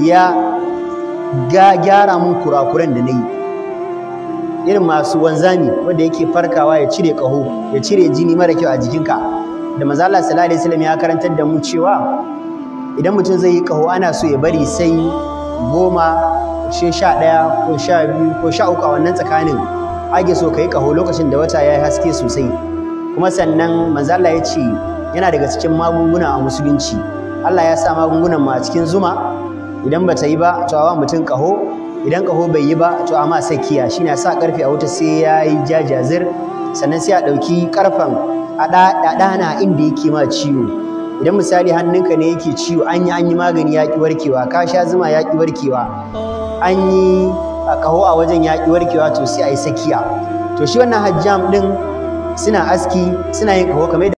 ya gyara mun kurakuran da na yi irin masu wanzami wanda yake farkawa ya cire kaho ya cire jini mara kyau a jikinka da manzo Allah sallallahu alaihi wasallam ya karantar da mu cewa idan mutum zai yi kaho ana so ya bari sai goma she sha ɗaya ko sha biyu ko sha uku a wannan tsakanin ake so ka yi kaho lokacin da wata ya yi haske sosai kuma sannan mazala Allah ya ce yana daga cikin magunguna a musulunci Allah ya sa magungunan mu a cikin zuma idan ba ta yi ba to awa mutum kaho idan kaho bai yi ba to ama sakiya shine sa karfe a wuta sai yayi jajazir sannan sai a dauki karfan a dana inda yake ma ciwo idan misali hannunka ne yake ciwo an yi an yi magani ya ki warkewa ka sha zuma ya ki warkewa an yi kaho a wajen ya ki warkewa to sai a sakiya to shi wannan hajjam din suna aski suna yin kaho kamar